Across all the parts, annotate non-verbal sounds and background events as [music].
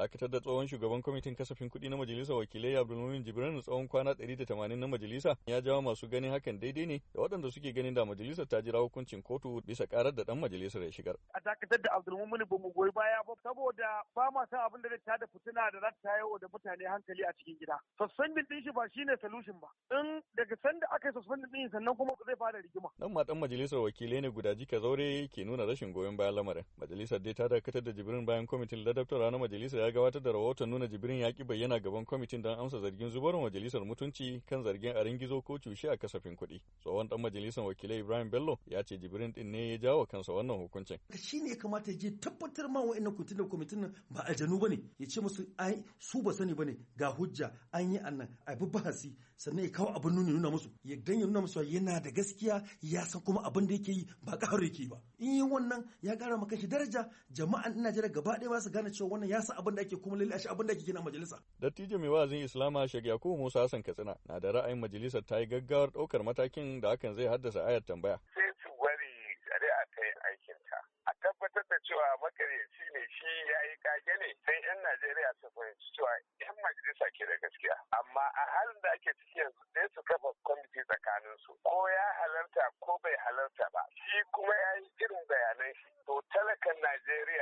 dakatar da tsohon shugaban kwamitin kasafin kudi na majalisa wakilai abdulmumin jibrin tsawon kwana 180 na majalisa ya jawo masu ganin hakan daidai ne da waɗanda suke ganin da majalisar ta jira hukuncin kotu bisa karar da dan majalisar ya shigar a dakatar da abdulmumin ba mu goyi baya ba saboda ba ma san abin da zai tada fitina da za ta da mutane hankali a cikin gida suspending din shi ba shine solution ba in daga sanda aka yi suspending din sannan kuma zai fara rigima dan dan majalisar wakilai ne guda jika zaure ke nuna rashin goyon bayan lamarin majalisar dai ta dakatar da jibrin bayan kwamitin ladabtarwa na majalisar ya gabatar da rahoton nuna jibirin ya ki bayyana gaban kwamitin don amsa zargin zubarwa majalisar mutunci kan zargin a gizo ko cushe a kasafin kuɗi. Tsohon dan majalisar wakilai Ibrahim Bello ya ce jibirin din ne ya jawo kansa wannan hukuncin. Shi ne ya kamata ya tabbatar ma wa'annan kwamitin kwamitin ba aljanu ba ne ya ce musu ai su ba sani ba ne ga hujja an yi annan a bi bahasi sannan ya kawo abin nuni nuna musu ya dan ya nuna musu yana da gaskiya ya san kuma abin da yake yi ba ƙaro yake ba. In yi wannan ya ƙara maka shi daraja jama'an Najeriya gaba ɗaya ba su gane cewa wannan ya san abin da ake kuma lalle abin da ake kina majalisa. Dattijo mai wa'azin Islama Sheikh ko Musa Hassan Katsina na da ra'ayin majalisa ta yi gaggawar ɗaukar matakin da hakan zai haddasa ayar tambaya. Sai su bari a ta aikin aikinta. A tabbatar da cewa makaryaci ne shi ya yi kage ne sai 'yan Najeriya su fahimci cewa 'yan majalisa ke da gaskiya. Amma a halin da ake ciki yanzu sai su kafa kwamiti tsakaninsu ko ya halarta ko bai halarta ba. Shi kuma ya yi irin bayanan shi. To talakan Najeriya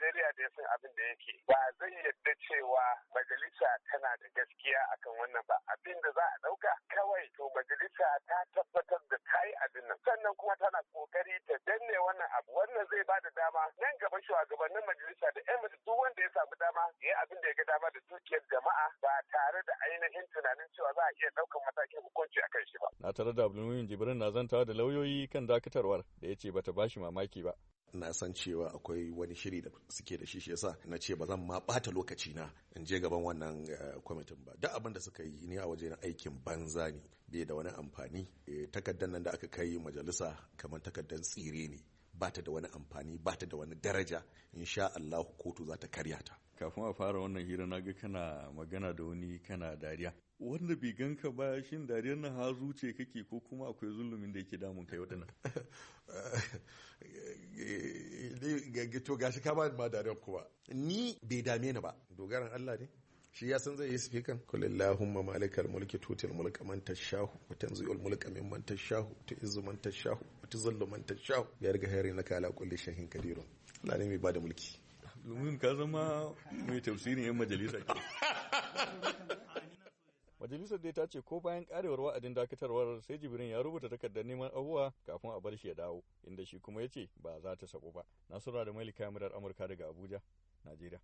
Najeriya da ya san abin da yake ba zai yadda cewa majalisa tana da gaskiya akan wannan ba abin da za a dauka kawai to majalisa ta tabbatar da ta yi abin nan sannan kuma tana kokari ta danne wannan abu wannan zai ba da dama nan gaba shugabannin majalisa da yan duk wanda ya samu dama ya abin da ya ga dama da dukiyar jama'a ba tare da ainihin tunanin cewa za a iya daukan matakin hukunci akan shi ba. Na tare da Abdulmumin Jibrin na zantawa da lauyoyi kan dakatarwar da ya ce bata bashi mamaki ba. na san cewa akwai wani shiri da suke da shi yasa na ce ba zan ma bata lokaci na in je gaban wannan eh, kwamitin ba duk abin da suka yi ni a waje na aikin banza ne bai da wani amfani eh, takaddan nan da aka kai majalisa kamar takaddan tsire ne bata da wani amfani bata da wani daraja insha Allah kotu za ta karya ta kafin a fara wannan hira na ga kana magana da wani kana dariya wanda bai ganka ba shin dariyar na hazu ce kake ko kuma akwai zulumin da yake damun kai wadannan [laughs] to gashi ka ba ma daren kuwa. ni bai dame ni ba dogaran Allah ne shi ya san zai yi sifikan kul allahumma malikal mulki tutil mulka man tashahu wa tanzi'ul mulka man tashahu izu man tashahu wa tuzillu man tashahu ya riga hayri naka ala kulli shahin kadiru. Allah ne mai bada mulki domin ka zama mai tafsirin yan majalisa [laughs] Majalisar dai ta ce ko bayan karewar wa'adin dakatarwar sai Jibrin ya rubuta takardar neman abuwa kafin a bar shi ya dawo, inda shi kuma ya ce ba za ta sabu ba. Nasura da Malika Murar Amurka daga Abuja, Najeriya.